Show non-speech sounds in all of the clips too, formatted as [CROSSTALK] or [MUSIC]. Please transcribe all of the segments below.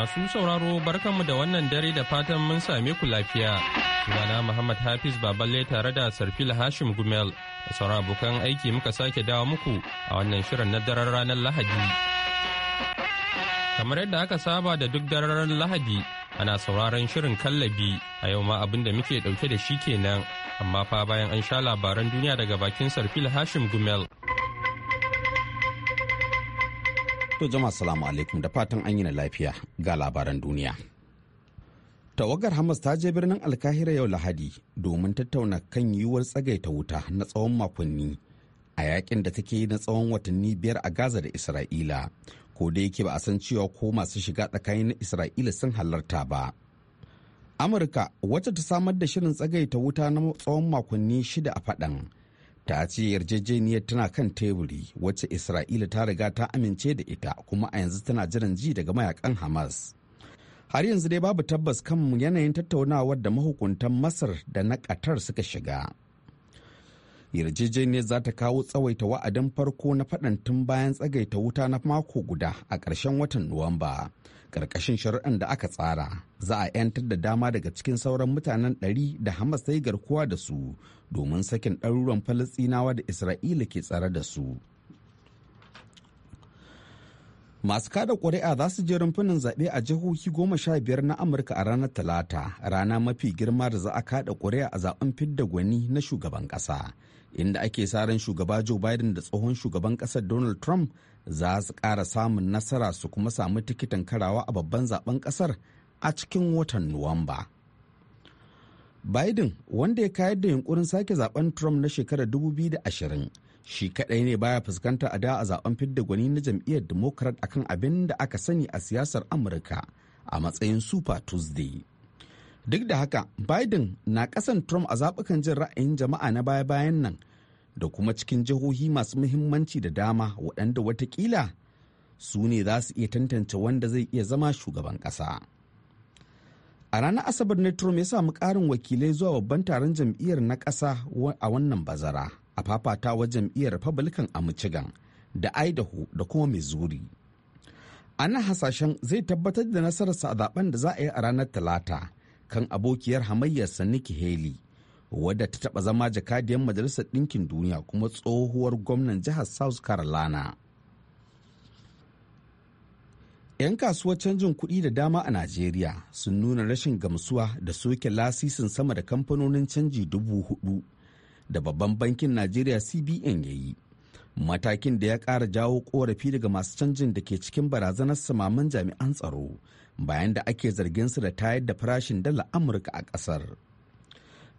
Masu sauraro barkanmu da wannan dare da fatan mun same ku lafiya. Sunana Muhammad Hafiz Baballe tare da Sarfil Hashim Gumel da sauran abokan aiki muka sake dawo muku a wannan shirin na daren ranar Lahadi. Kamar yadda aka saba da duk daren Lahadi ana sauraron shirin kallabi a yau ma abin da muke dauke da shi kenan amma fa bayan an sha labaran duniya daga bakin Sarfil Hashim Gumel. To jama salamu alaikum da fatan an yi na lafiya ga labaran duniya. Tawagar Hamas ta je birnin Alkahira yau Lahadi domin tattauna kan yiwuwar tsagaita wuta na tsawon makonni a yakin da take na tsawon watanni biyar a Gaza da Isra'ila. Ko da yake ba a san cewa ko masu shiga tsakanin na Isra'ila sun halarta ba. Amurka wacce ta samar da shirin tsagaita wuta na tsawon makonni shida a faɗan. ta ce yarjejeniyar tana kan teburi wacce isra'ila ta riga ta amince da ita kuma a yanzu tana jiran ji daga mayakan hamas har yanzu dai babu tabbas kan yanayin tattaunawar da mahukuntan masar da na qatar suka shiga yarjejeniyar za ta kawo tsawaita wa'adin farko na faɗan bayan tsagaita wuta na mako guda a ƙarshen watan nuwamba ƙarƙashin shari'an da aka tsara za a 'yantar da dama daga cikin sauran mutanen ɗari da hamas ta yi garkuwa da su domin sakin ɗaruruwan falastinawa da isra'ila ke tsare da su masu kada ƙuri'a za su je rumfunan zaɓe a jihohi goma sha biyar na amurka a ranar talata rana mafi girma da za a kada ƙuri'a a zaɓen fidda gwani na shugaban ƙasa inda ake sa ran shugaba joe biden da tsohon shugaban ƙasar donald trump za su ƙara samun nasara su kuma samu tikitin karawa a babban zaben ƙasar a cikin watan Nuwamba. Biden wanda ya kayar da yunkurin sake zaben Trump na shekarar 2020 shi kadai ne baya fuskanta a da a zaben fidda gwani na jam'iyyar Democrat akan abin da aka sani a siyasar Amurka a matsayin Super Tuesday. Duk da haka, Biden na ƙasan Trump a zaɓukan jin ra'ayin jama'a na baya-bayan nan da kuma cikin jihohi masu muhimmanci da dama waɗanda watakila su ne za su iya tantance wanda zai iya zama shugaban ƙasa. A ranar Asabar ne Trump ya samu ƙarin wakilai zuwa babban taron jam'iyyar na ƙasa a wannan bazara a fafatawa jam'iyyar Republican a Michigan da Idaho da kuma Missouri. Ana hasashen zai tabbatar da nasararsa a zaben da za a yi a ranar Talata kan abokiyar hamayyar Nikki Haley wadda ta taɓa zama jakadiyar majalisar ɗinkin duniya kuma tsohuwar gwamnan jihar south carolina 'yan kasuwar canjin kuɗi da dama a najeriya sun nuna rashin gamsuwa da soke lasisin sama da kamfanonin canji dubu hudu da babban bankin najeriya cbn ya yi matakin da ya ƙara jawo korafi daga masu canjin da ke cikin barazanar samamin jami'an tsaro bayan da ake zargin su da tayar da farashin dala amurka a ƙasar.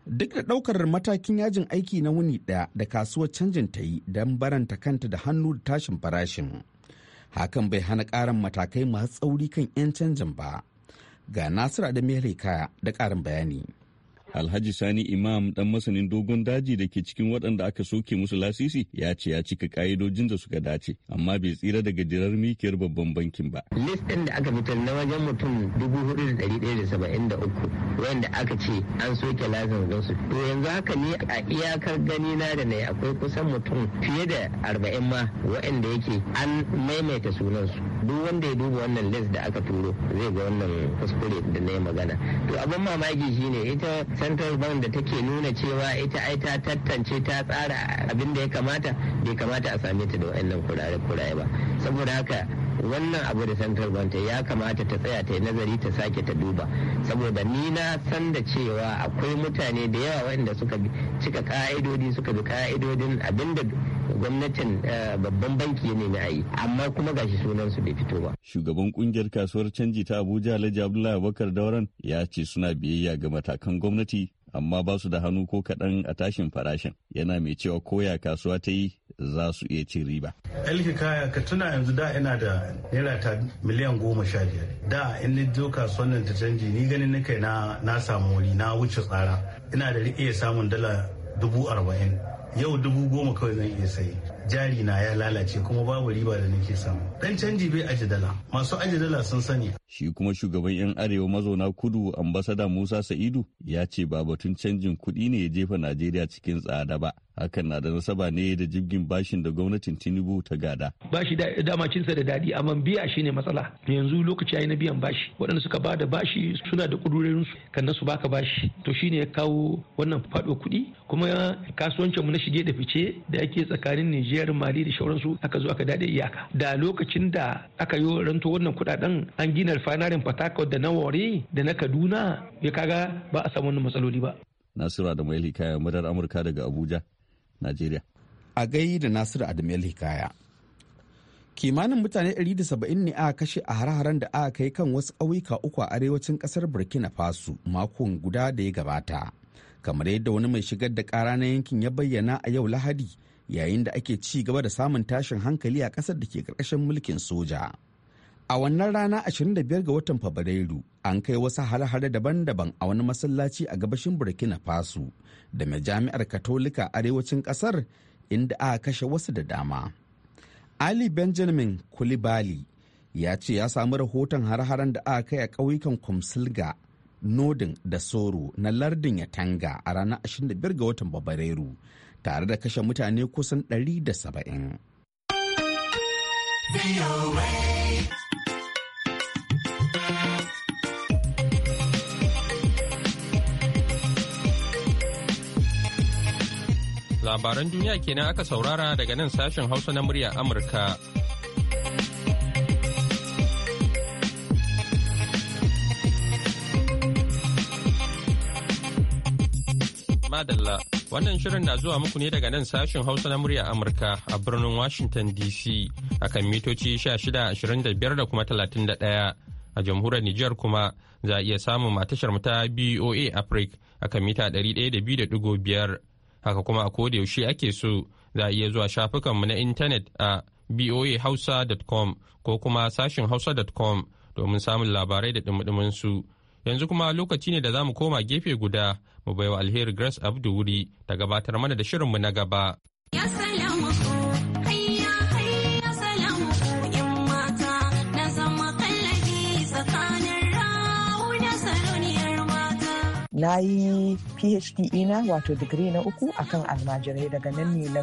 duk da ɗaukar matakin yajin aiki na wuni ɗaya da kasuwar canjin ta yi don baranta kanta da hannu da tashin farashin hakan bai hana ƙarin matakai masu tsauri kan 'yan canjin ba ga nasira da kaya da ƙarin bayani Alhaji Sani Imam dan masanin dogon daji da ke cikin waɗanda aka soke musu lasisi ya ce ya cika ka'idojin da suka dace amma bai tsira daga jirar mikiyar babban bankin ba. List ɗin da aka fitar na wajen mutum dubu hudu da ɗari ɗaya da saba'in da uku wanda aka ce an soke lasin su. To yanzu haka ne a iyakar gani na da na akwai kusan mutum fiye da arba'in ma waɗanda yake an maimaita sunansu. Duk wanda ya duba wannan list da aka turo zai ga wannan kuskure da na yi magana. To abin mamaki shine ita central bank da take nuna cewa ita ai ta tattance ta tsara abin da ya kamata bai kamata a same ta da wa'annan kurare-kurare ba saboda haka wannan abu da central bank ya kamata ta tsaya ta yi nazari ta sake ta duba saboda ni na san da cewa akwai mutane da yawa waɗanda suka cika ka'idodi suka bi ka'idodin abinda gwamnatin eh, babban banki ne na yi amma kuma gashi sunan su bai fito ba. Shugaban kungiyar kasuwar canji ta Abuja Alhaji Abdullahi Abubakar Dauran ya ce suna biyayya ga matakan gwamnati amma ba su da hannu ko kaɗan a tashin farashin yana mai cewa koya kasuwa ta yi za su iya cin riba. Elki kaya ka tuna yanzu da ina da naira ta miliyan goma sha biyar da in ni zo kasuwan nan ta canji ni ganin kai na na samu wuri na wuce tsara ina da iya samun dala dubu arba'in yau dubu goma kawai zan iya sayi jari na ya lalace kuma babu riba da nake samu dan canji bai ajidala dala masu ajidala sun sani shi kuma shugaban yan arewa mazauna kudu ambasada musa sa'idu ya ce ba batun canjin kuɗi ne ya jefa najeriya cikin tsada ba hakan na da nasaba ne da jibgin bashin da gwamnatin tinubu ta gada bashi dama cinsa da dadi amma biya shi ne matsala yanzu lokaci yayi na biyan bashi waɗanda suka ba da bashi suna da kudurorin su kan su baka bashi to shine ya kawo wannan fado kuɗi kuma kasuwancin mu na shige da fice da yake tsakanin Nijar miliyar mali da shauransu aka zo aka dade iyaka da lokacin da aka yi ranto wannan kudaden an gina fanarin fatakau da na ware da na kaduna ya kaga ba a samu wannan matsaloli ba nasiru adamu hikaya murar amurka daga abuja nigeria. a gai da nasiru adamu hikaya kimanin mutane 170 ne aka kashe a har-haren da aka kai kan wasu auyuka uku a arewacin ƙasar burkina faso makon guda da ya gabata kamar yadda wani mai shigar da kara na yankin ya bayyana a yau lahadi yayin da ake ci gaba da samun tashin hankali a ƙasar da ke ƙarƙashin mulkin soja. A wannan rana 25 ga watan Fabrairu an kai wasu hare-hare daban-daban a wani masallaci a gabashin Burkina Faso da jami'ar Katolika arewacin ƙasar inda aka kashe wasu da dama. Ali Benjamin Kulibali ya ce ya samu rahoton har-haren da aka kai a ƙauyukan Kumsilga, Nodin da Soro na lardin Yatanga a ranar 25 ga watan Fabrairu tare da kashe mutane kusan 170. Labaran duniya kenan aka saurara daga nan sashen Hausa na murya Amurka. Madalla. Wannan shirin na zuwa muku ne daga nan sashen Hausa na murya Amurka a birnin Washington DC a kan mitoci 1625 da kuma 31 a jamhuriyar Nijar kuma za a iya samun matashar ta BOA Africa kan mita 102.5 haka kuma a koda yaushe ake so za a iya zuwa shafukanmu na intanet a boahausa.com ko kuma sashin hausa.com domin samun labarai da dumudumin su. yanzu kuma lokaci ne da za mu koma gefe guda mu baiwa alheri grace abdu wuri ta gabatar mana da shirinmu na gaba na yi phd ina wato digiri na uku akan almajirai daga nan ne na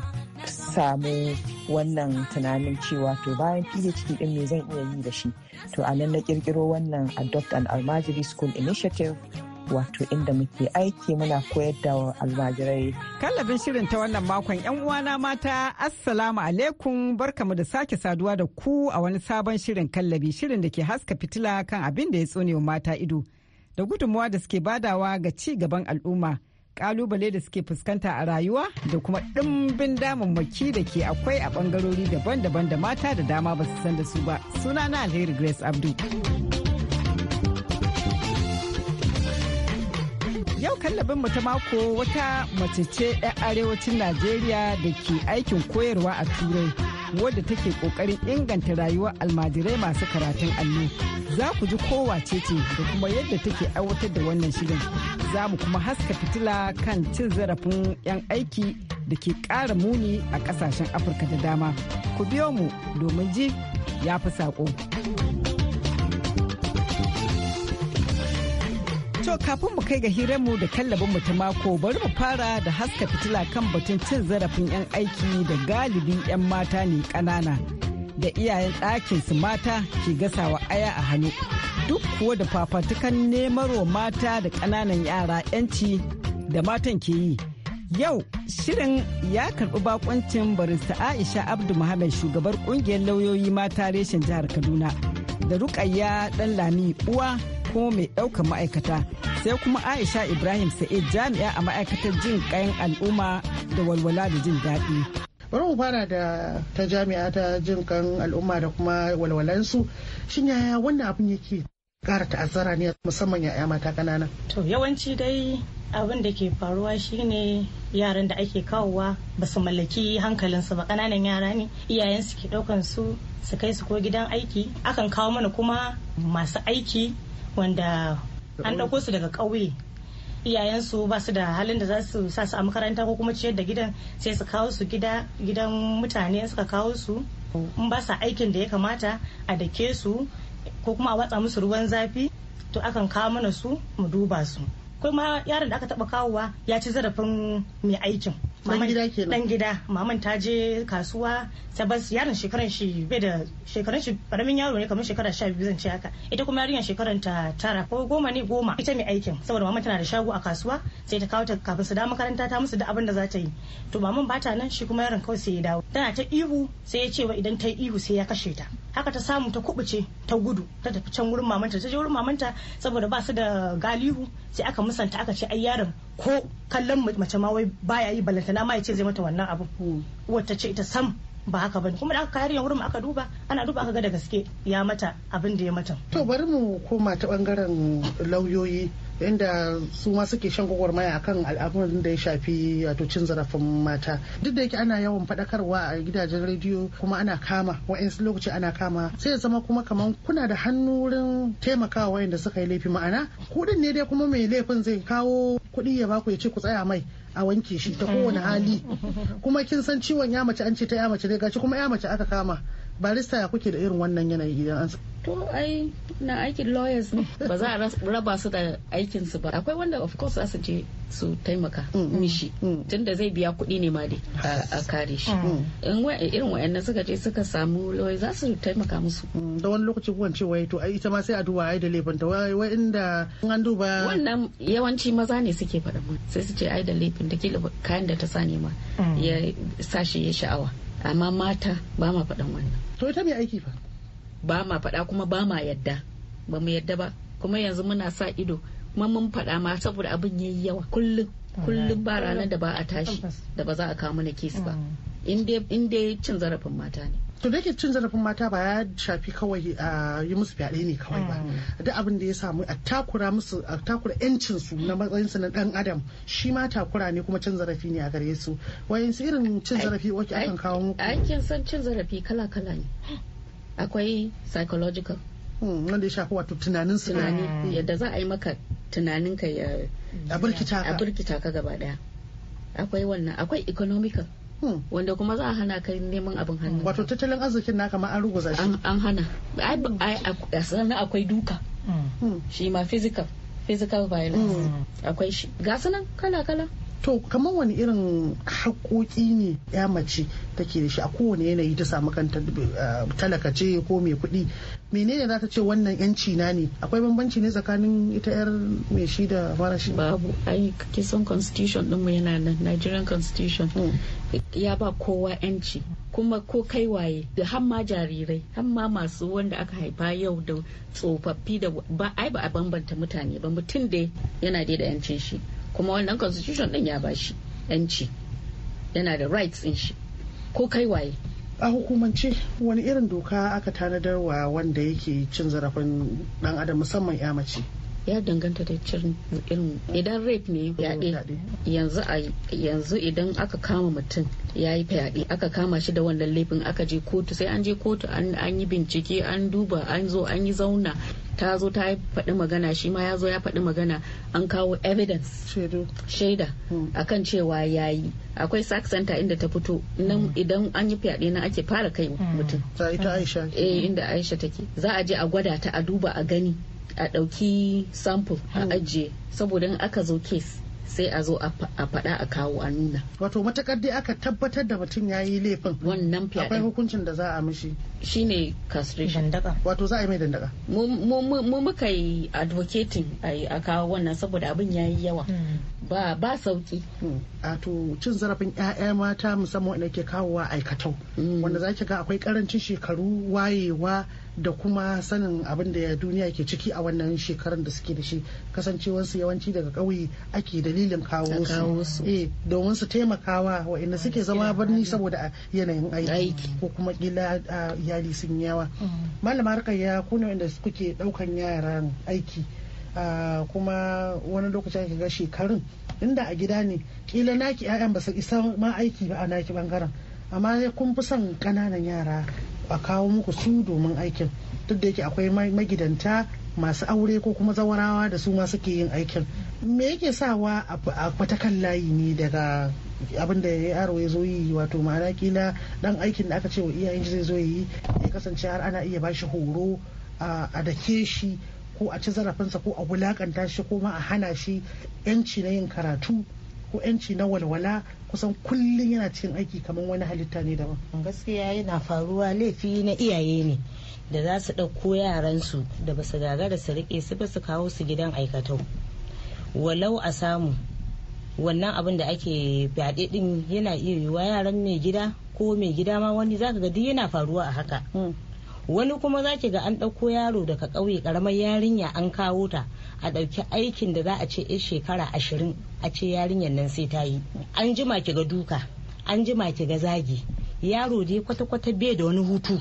samu wannan tunanin cewa to bayan PhD din me zan iya yi da shi to a nan na kirkiro wannan Adopt an Almajiri School Initiative wato inda muke aiki muna koyar da almajirai. Kallabin shirin ta wannan makon yan uwana mata assalamu alaikum barkamu da sake saduwa da ku a wani sabon shirin kallabi shirin da ke haska fitila kan abin da ya tsone mata ido da gudunmuwa da suke badawa ga ci gaban al'umma kalubale da suke fuskanta a rayuwa da kuma ɗimbin damammaki da ke akwai a bangarori daban-daban da mata da dama ba su san da su ba. Suna na Alheri Grace Abdu. Yau kallabin mu ta mako wata mace ce 'yan arewacin Najeriya da ke aikin koyarwa a Turai. wadda take kokarin inganta rayuwar almajirai masu karatun allo za ku ji kowace ce da kuma yadda take aiwatar da wannan shirin za mu kuma haska fitila kan cin zarafin 'yan aiki da ke ƙara muni a ƙasashen afirka da dama ku biyo mu domin ji ya fi saƙo. To kafin mu kai ga hiranmu da kallabin mu ta mako bari mu fara da haska fitila kan batun cin zarafin 'yan aiki da galibi 'yan mata ne ƙanana da iyayen ɗakinsu mata ke gasawa aya a hannu. Duk kuwa da fafatukan nemarwa mata da ƙananan yara 'yanci da matan ke yi. Yau shirin ya karɓi bakoncin barista Aisha Abdu Muhammad shugabar ƙungiyar lauyoyi mata reshen jihar Kaduna da Rukayya lami uwa ko mai ɗaukan ma'aikata sai kuma aisha ibrahim sa'id jami'a a ma'aikatar jin ƙayan al'umma da walwala da jin daɗi bari mu fara da ta jami'a ta jin kan al'umma da kuma walwalansu shin yaya wannan abin yake ƙara ta'azzara ne musamman ya'ya mata ƙanana to yawanci dai abin da ke faruwa shine yaran da ake kawowa ba su mallaki hankalinsu ba ƙananan yara ne iyayensu ke ɗaukan su su kai su ko gidan aiki akan kawo mana kuma masu aiki wanda an ɗauko su daga ƙauye iyayensu ba su da halin da za su sa su a makaranta ko kuma ciyar da gidan sai su kawo su gida gidan mutane suka kawo su in ba sa aikin da ya kamata a dake su ko kuma a watsa musu ruwan zafi to akan kawo mana su mu duba su kuma yaron da aka taba kawowa ya ci zarafin mai aikin dan gida maman ta je kasuwa ta bas yaron shekaran shi bai da shekaran shi karamin yaro ne kamar shekara sha biyu zan ce haka ita kuma yarinyar shekaran ta tara ko goma ne goma ita mai aikin saboda maman tana da shago a kasuwa sai ta kawo ta kafin su da makaranta ta musu da abin da za ta yi to maman ba ta nan shi kuma yaron kawai sai ya dawo tana ta ihu sai ya ce wa idan ta yi ihu sai ya kashe ta haka ta samu ta kubuce ta gudu ta tafi can wurin mamanta ta je wurin mamanta saboda ba su da galihu sai aka musanta aka ce ai yaron ko kallon mace ma wai baya yi balantana ma ya ce zai mata wannan abu wata ce ita sam ba haka bane kuma da aka kayar wurin aka duba ana duba aka ga da gaske ya mata abin da ya mata to bari mu koma ta bangaren lauyoyi inda su ma suke shan gwagwarmaya akan al'amuran da ya shafi wato cin zarafin mata duk da yake ana yawan faɗakarwa a gidajen rediyo kuma ana kama wa'insu lokaci ana kama sai ya zama kuma kaman kuna da hannu wurin taimakawa wa'inda suka yi laifi ma'ana kuɗin ne dai kuma mai laifin zai kawo kuɗi ya baku ya ce ku tsaya mai a wanke shi ta kowane hali kuma kin san ciwon ya mace an ce ta ya mace ne. gashi kuma ya mace aka kama barista ya kuke da irin wannan yanayi idan an to ai na aikin lawyers ne ba za a raba su da aikin su ba akwai wanda of course za su je su taimaka mm, mm, mishi mm. tunda zai biya kuɗi ne ma dai a kare shi in irin wayannan suka je suka samu lawyers za su taimaka musu da wani lokaci kuwan ce wai to ai ita ma sai a duba ai da laifin ta wai inda an duba wannan yawanci maza ne suke faɗa sai su ce ai da laifin da kila kayan da ta sa ne ma ya sashi ya sha'awa amma mata ba ma faɗan wannan to ita mai aiki fa ba ma faɗa kuma ba ma yadda ba mu yadda ba kuma yanzu muna sa ido kuma mun faɗa ma saboda abin ya yi yawa kullum kullum ba ranar da ba a tashi da ba za a kawo mana kesi ba mm. in dai cin zarafin mata ne to da cin zarafin mata ba ya shafi kawai a yi musu fyaɗe ne kawai ba mm. duk abin da ya samu a takura musu a takura yancin su na matsayin na dan adam shi ma takura ne kuma cin zarafi ne a gare su wayansu irin cin zarafi wake akan kawo muku aikin san cin zarafi kala kala ne [GASPS] akwai psychological hmm, wanda ya shafi wato tunanin su tunani hmm. yadda za a yi maka tunanin ka ya a burkita ka gaba daya akwai wannan akwai economical hmm. wanda kuma za a hana ka neman abin hannu wato tattalin arzikin naka ma an ruguza shi an hana a sannan akwai duka shi ma physical physical violence akwai shi ga kala kala to kamar wani irin haƙoƙi ne ya mace take da shi a kowane yanayi ta samu kanta eh, talaka ce ko mai kuɗi menene za ta ce wannan yanci na ne akwai bambanci ne tsakanin ita yar mai shi da mara shi babu ai kisan constitution din yana nan Nigerian constitution hmm. ya ba kowa yanci kuma ko kai waye da hamma jarirai hamma masu wanda aka haifa yau da tsofaffi da ba ai ba a bambanta mutane ba mutum da yana da yancin shi kuma wannan constitution din ya bashi yanci yana da rights din shi ko kai waye a hukumance wani irin doka aka tanadar wa wanda yake cin zarafin dan adam musamman ya mace ya danganta da cin irin idan rape ne yaɗe yanzu yanzu idan aka kama mutum ya yi fyaɗe aka kama shi da wannan laifin aka je kotu sai an je kotu an yi bincike an duba an zo an yi zauna ta zo ta faɗi magana shi ma ya zo ya faɗi magana an kawo evidence shaida hmm. a kan cewa ya yi akwai sac center inda ta fito nan hmm. idan an yi fyaɗe na ake fara kai hmm. mutum eh inda aisha take za a je a gwada ta a duba a gani a ɗauki sample a ajiye saboda in aka zo case sai a zo a faɗa a kawo a nuna wato matakar dai aka tabbatar da mutum ya yi laifin wannan fyaɗe akwai hukuncin da za a mishi ne castration dandaka wato za a yi mai dandaka mu muka yi advocating a kawo wannan saboda abin ya yi yawa hmm. ba ba sauki hmm. a to cin zarafin 'ya'ya mata musamman hmm. wanda ke kawo wa aikatau wanda zaki ga akwai karancin shekaru wayewa da kuma sanin abin da duniya ke ciki a wannan shekarun da suke da shi su yawanci daga kauye ake dalilin kawo su eh domin su taimakawa inda suke zama birni saboda yanayin aiki ko kuma kila iyali sun yawa hmm. malama harkar ya kuna wanda kuke ɗaukan yaran aiki kuma wani lokacin ka ga shekarun inda a gida ne kila naki 'ya'yan ba su isa ma aiki ba a naki bangaren amma dai kun fi son ƙananan yara a kawo muku su domin aikin duk da yake akwai magidanta masu aure ko kuma zawarawa da su ma suke yin aikin me yake sawa a kwatakan layi ne daga abin da yaro ya zo yi wato ma'ana kila dan aikin da aka ce wa iyayen zai zo yi ya kasance har ana iya bashi horo a dake shi ko a ci zarafinsa ko a wulakanta shi ko ma a hana shi yanci na yin karatu ko yanci na walwala kusan kullum yana cikin aiki kamar wani halitta ne daban. gaskiya yana faruwa laifi na iyaye ne da za su ɗauko yaransu da ba su gagara su riƙe su ba su kawo su gidan aikatau walau a samu wannan abin da ake fyaɗe ɗin yana iya yiwuwa yaran mai gida ko mai gida ma wani zaka ga duk yana faruwa a haka hmm. wani kuma za ki ga an ɗauko yaro daga ƙauye ƙaramar yarinya an kawo ta a ɗauki aikin da za a ce yar shekara ashirin a ce yarinyar nan sai ta yi an jima ki ga duka an jima ki ga zagi yaro dai kwata-kwata bai da wani hutu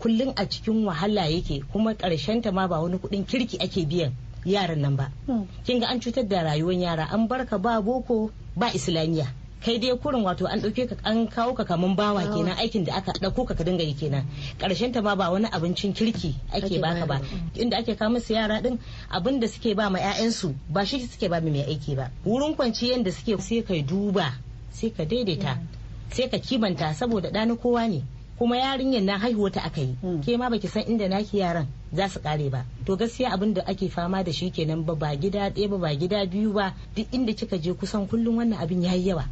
kullum a cikin wahala yake kuma ta ma ba wani kuɗin kirki ake biyan yaran nan ba hmm. kin ga an cutar da rayuwar yara an barka ba boko ba islamiyya kai dai kurin wato an ɗauke ka an kawo ka kamun bawa oh. kenan aikin da aka ɗauko ka ka dinga yi kenan karshen ta ma ba wani abincin kirki ake baka ba mm. inda ake kawo musu yara din abin da suke ba ma 'ya'yansu ba shi suke ba mai aiki ba wurin kwanci da suke sai ka duba sai ka daidaita mm. sai ka kimanta saboda ɗani kowa ne kuma yarinyar na haihuwa ta aka yi mm. ke ma baki san inda naki yaran za su kare ba to gaskiya abin da ake fama da shi kenan ba ba gida ɗaya ba ba gida biyu ba duk inda kika je kusan kullum wannan abin yayi yawa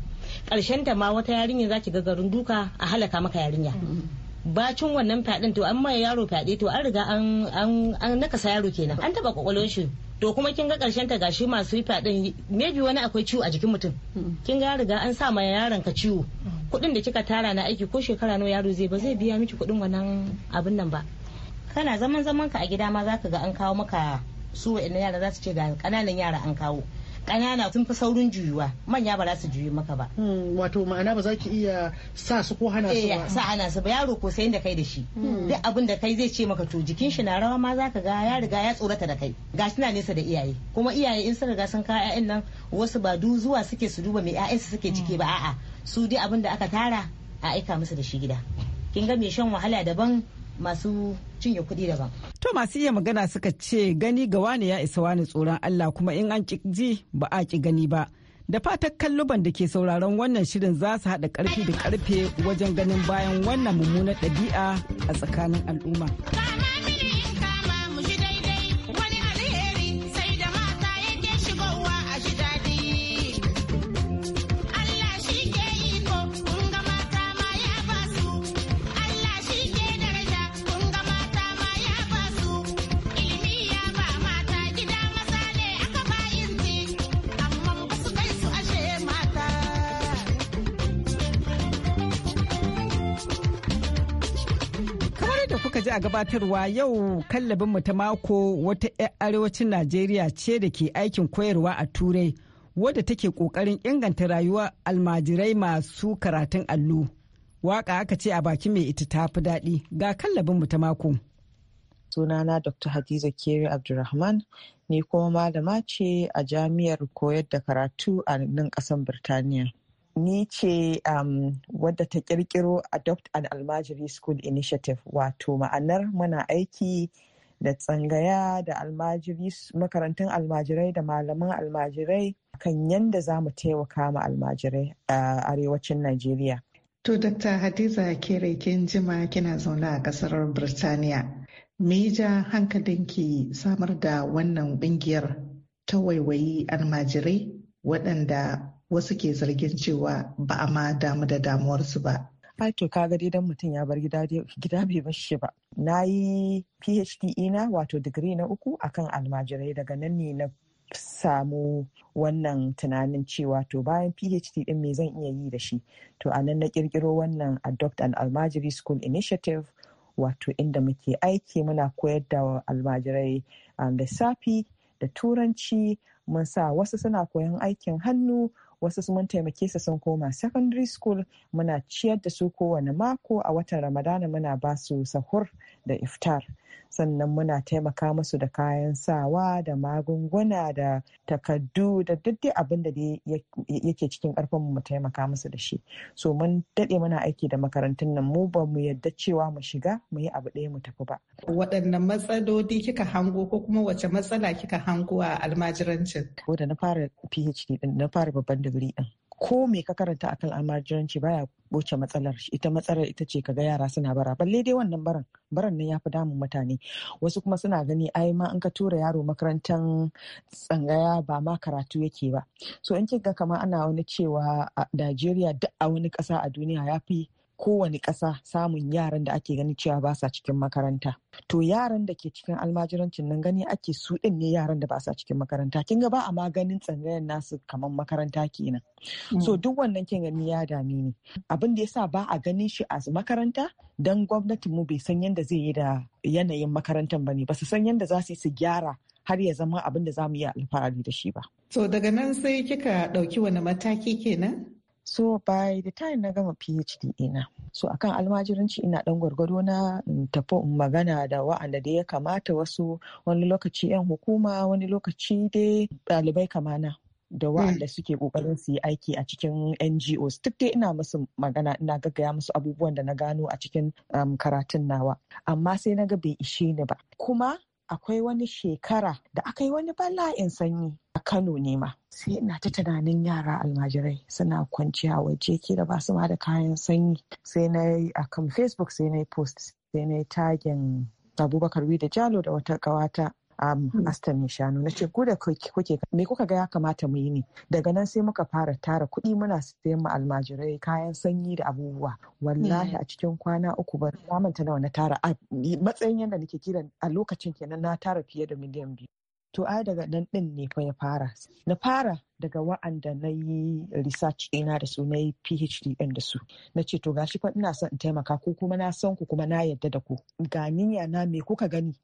karshen ta ma wata yarinya za ki ga garin duka a halaka maka yarinya mm. bacin wannan fadin to an maye yaro fyaɗe to an riga an nakasa yaro kenan an taba kokolon shi to kuma kin ga karshen ta gashi masu fyaɗen maybe wani akwai ciwo a jikin mutum mm. kin ga riga an sa ma yaron ka ciwo mm. kuɗin da kika tara na aiki ko shekara nawa yaro zai ba zai biya miki kuɗin wannan abin nan ba kana zaman zaman ka a gida ma zaka ga an kawo maka su wa'annan yara za su ce ga kananan yara an kawo kanana sun fi saurin juyuwa manya ba za su juyi maka ba. Hmm, wato ma'ana ba za ki iya sa su ko hana su eh, ba. sa hana su ba yaro ko sayin da kai da shi. Hmm. duk abin da kai zai ce maka to jikin shi na rawa ma za ka ga ya riga ya tsorata da kai ga suna nesa da iyaye kuma iyaye in sun riga sun kawo 'ya'yan nan wasu ba du zuwa suke su duba mai su suke ciki ba hmm. a'a su dai abin da aka tara a aika musu da shi gida. kin ga mai shan wahala daban masu cinye kuɗi daban. To masu iya magana suka ce gani ga wani ya isa wani tsoron Allah kuma in an ji ba a ki gani ba. Da fatan kalluban da ke sauraron wannan shirin za su haɗa ƙarfi da ƙarfe wajen ganin bayan wannan mummunar ɗabi'a a tsakanin al'umma. ji a gabatarwa yau kallabin mu ta mako wata 'yar arewacin Najeriya ce da ke aikin koyarwa a Turai wadda take kokarin inganta rayuwar almajirai masu karatun allo. Waka aka ce a baki mai ita ta fi daɗi ga kallabin mu ta mako. Sunana Dr. Hadiza Kere Abdulrahman ni kuma malama ce a jami'ar koyar da karatu a nan ƙasar Birtaniya. ni ce um, wadda ta kirkiro adopt an almajiri school initiative wato ma'anar muna aiki da tsangaya da almajiri makarantun almajirai da malaman almajirai kan yadda za mu taimaka ma almajirai a arewacin najeriya to dr hadiza kere kin jima kina zaune a kasar birtaniya me ja hankalinki samar da wannan kungiyar ta waiwayi almajirai waɗanda wasu ke zargin cewa ba a ma damu da damuwarsu ba. Ai to kaga dan mutum ya bar gida gida bai bar shi ba. Na yi PhD ina wato digiri na uku akan almajirai daga nan ne na samu wannan tunanin cewa to bayan phd din me zan iya yi da shi to a nan na kirkiro wannan adopt an almajiri school initiative wato inda muke aiki muna koyar da almajirai um, lissafi da turanci mun sa wasu suna koyon aikin hannu wasu sun taimake su sun koma secondary school muna ciyar da su kowane mako a watan ramadana muna ba su sahur da iftar sannan muna taimaka musu da kayan sawa da magunguna da takaddu da duk abin da yake cikin karfin mu taimaka musu da shi so mun daɗe muna aiki da makarantun nan mu ba mu yadda cewa mu shiga mu yi abu ɗaya mu tafi ba waɗannan matsaloli kika hango ko kuma wace matsala kika hango a almajirancin ko da na fara phd din na fara babban digiri din ko me ka karanta akan almajiranci baya boce matsalar ita matsalar ita ce kaga yara suna bara balle dai wannan baran baran nan ya fi damun mutane wasu kuma suna gani ai ma in ka tura yaro makarantar tsangaya ba ma karatu yake ba so in kika kama ana wani cewa a Najeriya duk a wani ƙasa a duniya ya fi kowane ƙasa samun yaran da ake ganin cewa ba sa cikin makaranta. To yaran da ke cikin almajirancin nan gani ake su ɗin ne yaran da ba sa cikin makaranta. Kin ga ba a maganin tsangayar nasu kamar makaranta kenan. Mm. So duk wannan kin gani ya dame ni. Abin da yasa ba a ganin shi a makaranta dan gwamnatin mu bai san yadda zai yi da yanayin makarantar ba ne. Ba su san yadda za su yi su gyara har ya zama abin da za mu yi alfahari da shi ba. To daga nan sai kika ɗauki wani mataki kenan? so by the time na gama phd ina so akan almajiranci ina dan gwargwado na tafi magana da wa'anda da ya kamata wasu wani lokaci yan hukuma wani lokaci dai ɗalibai kamana da hmm. wa'anda suke kokarin su yi aiki a cikin NGOs duk dai ina musu magana ina gaggaya musu abubuwan da na gano a cikin um, karatun nawa amma sai na ga bai ishe ni ba kuma akwai wani shekara da aka yi wani bala'in sanyi a Kano ne ma. Sai ina ta tunanin yara almajirai suna kwanciya waje kila ba su ma da kayan sanyi. Sai na yi a kan Facebook sai na yi post sai na yi tagin Abubakar da Jalo da wata ƙawata Hmm. asta shanu na ce ku da kuke me kuka ga ya kamata mu yi ne daga nan sai muka fara tara kuɗi muna sayan mu almajirai kayan sanyi da abubuwa wallahi hmm. a cikin kwana uku ba na manta nawa na tara a matsayin yadda nake kiran a lokacin kenan na tara fiye da miliyan biyu to ai daga nan din ne fa ya fara na fara daga wa'anda na yi research ɗina da su na yi phd ɗin da su na ce to gashi fa ina son in taimaka ko kuma na san ku kuma na yadda da ku ga niyya na me kuka gani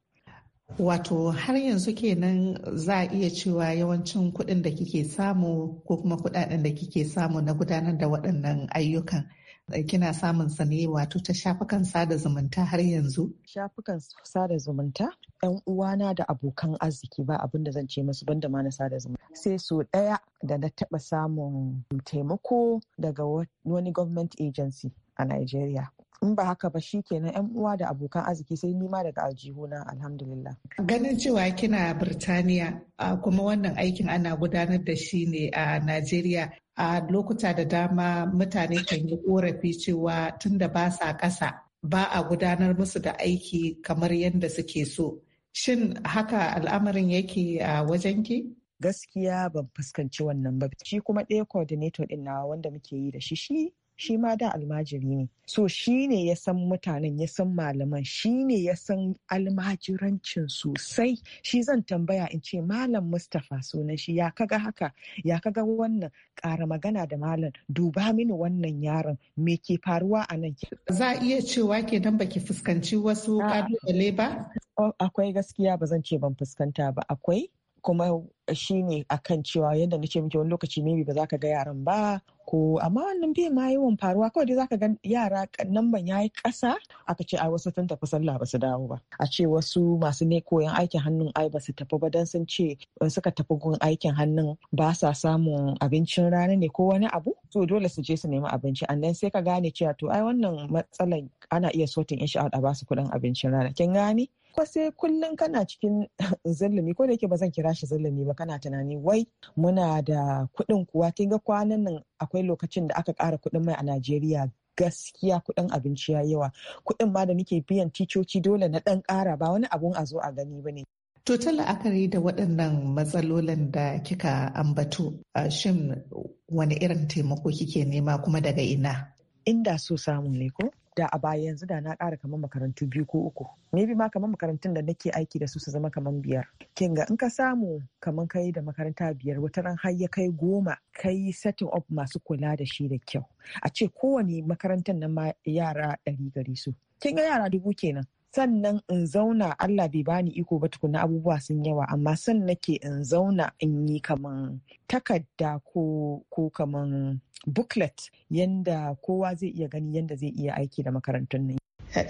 Wato har yanzu kenan za a iya cewa yawancin kuɗin da kike samu ko kuma kuɗaɗen da kike samu na gudanar da waɗannan ayyukan eh, kina samun sa ne wato ta shafukan sada zumunta har yanzu? Shafukan sada zumunta yan uwana da abokan arziki ba abin da zan ce musu banda ma na sada zumunta. Sai so ɗaya da na taɓa samun taimako daga wani government agency a Nigeria in ba haka ba shi kenan yan uwa da abokan arziki sai nima daga aljihu aljihuna alhamdulillah ganin cewa kina birtaniya kuma wannan aikin ana gudanar da shi ne a najeriya a lokuta da dama mutane kan yi korafi cewa tun da ba sa ƙasa ba a gudanar musu da aiki kamar yadda suke so shin haka al'amarin yake a ki. gaskiya ban fuskanci wannan ba shi kuma ɗaya coordinator ɗin na wanda muke yi da shi shi shi ma da almajiri ne so shi ne ya san mutanen ya san malaman shi ne ya san almajirancin sosai shi zan tambaya in ce malam mustapha sunan shi ya kaga haka ya kaga wannan ƙara magana da malam duba mini wannan yaron me ke faruwa a nan za a iya cewa kenan baki fuskanci wasu ƙalubale ba oh, akwai gaskiya ba zan ce ban fuskanta ba akwai kuma shi ne a kan cewa yadda na ce miki wani lokaci maybe ba za ka ga yaran ba ko amma wannan bai ma yawan faruwa kawai dai za ka ga yara nan ban ya yi ƙasa aka ce ai wasu sun tafi sallah ba su dawo ba a ce wasu masu ne koyan aikin hannun ai ba su tafi ba dan sun ce suka tafi gun aikin hannun ba sa samun abincin rana ne ko wani abu to dole su je su nemi abinci annan sai ka gane cewa to ai wannan matsalar ana iya sotin in sha'ad a ba su kuɗin abincin rana kin gane ko sai kullum kana cikin [LAUGHS] zallumi ko da yake ba zan kira shi zallumi ba kana tunani wai muna da kuɗin kuwa kin ga kwanan nan akwai lokacin da aka kara kuɗin mai a Najeriya gaskiya kuɗin abinci ya yawa kuɗin ma da muke biyan ticoci dole na ɗan kara ba wani abun a zo a gani ba ne. To ta la'akari da waɗannan matsalolin da kika ambato shin wani irin taimako kike nema kuma daga ina? Inda so samu ne ko? da a baya yanzu da na ƙara kamar makarantu biyu ko uku maybe ma kamar makarantun da nake aiki da su su zama kamar biyar Kinga in ka samu kamar kai da makaranta biyar wata ran har ya kai goma kai setting up masu kula da shi da kyau a ce kowane makarantar nan ma yara ɗari gari su kin ga yara dubu kenan sannan in zauna Allah bai bani iko ba tukuna abubuwa sun yawa amma san nake in zauna in yi kaman takarda ko ko kaman booklet yanda kowa zai iya gani yanda zai iya aiki da makarantun nan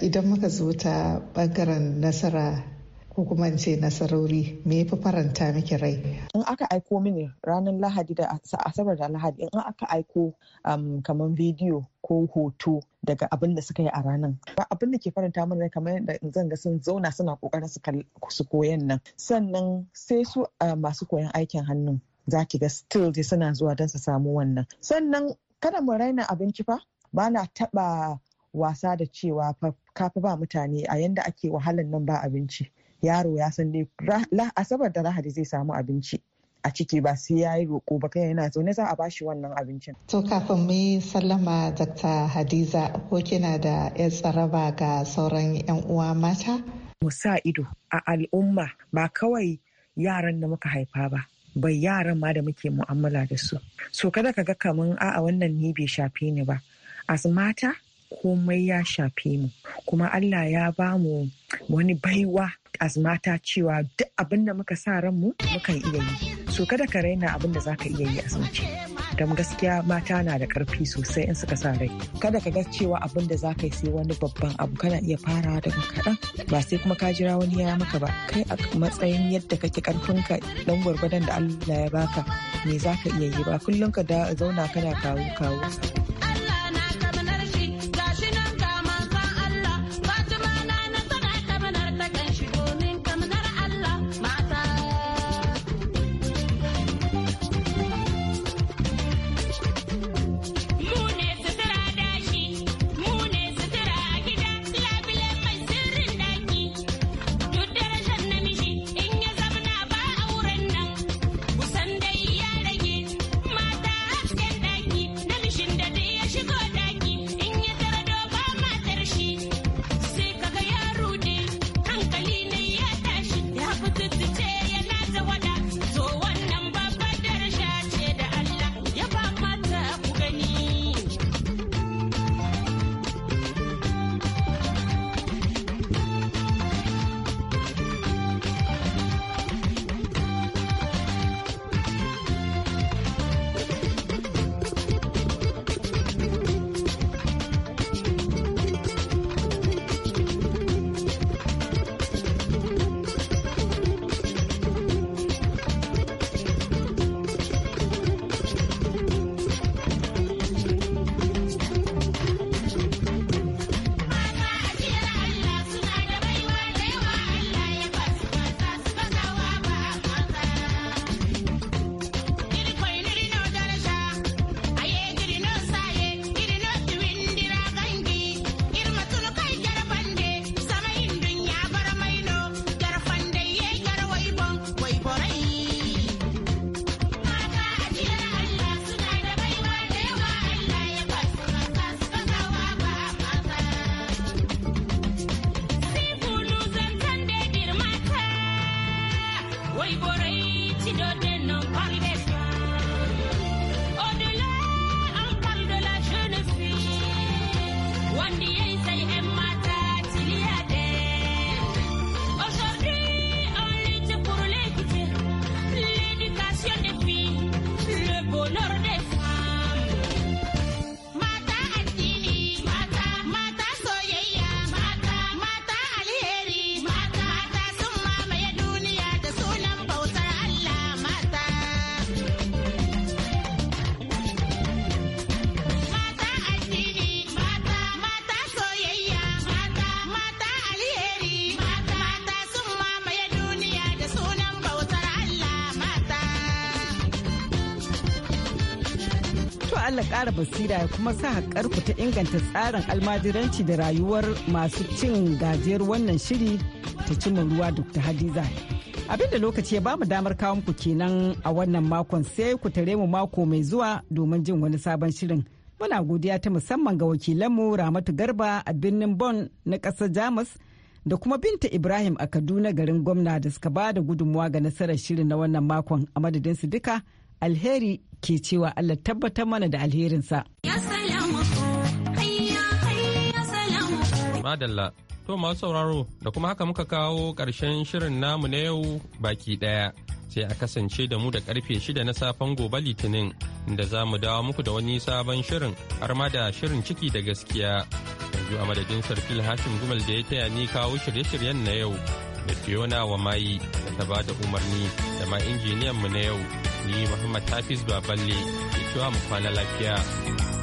idan muka zo ta bangaren nasara ko kuma in ce nasarori me yafi faranta miki rai in aka aiko mini ranar lahadi da asabar da lahadi in aka aiko um, kamar bidiyo ko hoto daga abin da suka yi a ranar abin da ke faranta mana rai kamar yadda zan ga sun zauna suna kokarin su koyan nan sannan sai su uh, masu koyan aikin hannun za ki ga still dai suna zuwa don su samu wannan sannan kada mu raina abinci fa ba na taba wasa da cewa fa kafi ba mutane a yanda ake wahalan nan ba abinci yaro ya san ne asabar da lahadi zai samu abinci a ciki ba sai ya yi roƙo ba kai yana zaune za a bashi wannan abincin. To kafin mu yi sallama Dr. Hadiza ko kina da 'yar tsaraba ga sauran 'yan uwa mata? Mu sa ido a al'umma ba kawai yaran da muka haifa ba. Bai yaran ma da muke mu'amala da su. So kada ka ga kaman a'a wannan ni bai shafe ni ba. As mata komai ya shafe mu kuma Allah ya ba mu wani baiwa as mata cewa duk abin da muka sa ran mu mukan iya yi so kada ka raina abin da zaka iya yi as don gaskiya mata na da karfi sosai in suka sa rai kada ka ga cewa abin da zaka yi sai wani babban abu kana iya farawa daga kaɗan ba sai kuma ka jira wani ya maka ba kai a matsayin yadda kake karfinka dan gwargwadon da Allah ya baka me zaka iya yi ba kullum ka zauna kana kawo kawo Allah kara basira ya kuma sa ku ta inganta tsarin almajiranci da rayuwar masu cin gajiyar wannan shiri ta cimma ruwa Dr. Hadiza. abinda lokaci ya bamu damar kawo muku kenan a wannan makon sai ku tare mu mako mai zuwa domin jin wani sabon shirin muna godiya ta musamman ga wakilanmu ramatu garba a birnin bon na ƙasar jamus da kuma binta ibrahim a kaduna garin gwamna da suka ba da gudunmuwa ga nasarar shirin na wannan makon a madadinsu duka alheri ke cewa Allah tabbatar mana da alherinsa. Madalla, to masu sauraro da kuma haka muka kawo ƙarshen shirin namu na yau baki ɗaya. Sai a kasance da mu da karfe shida na safen gobe litinin da za mu dawo muku da wani sabon shirin har ma da shirin ciki da gaskiya. Yanzu a madadin Sarfil Hashim Gumal da ya taya ni kawo shirye-shiryen na yau da Fiona wa mayi da ta ba da umarni da ma injiniyan mu na yau. Ni Muhammad Hafiz Baballe ke cewa mu kwana lafiya.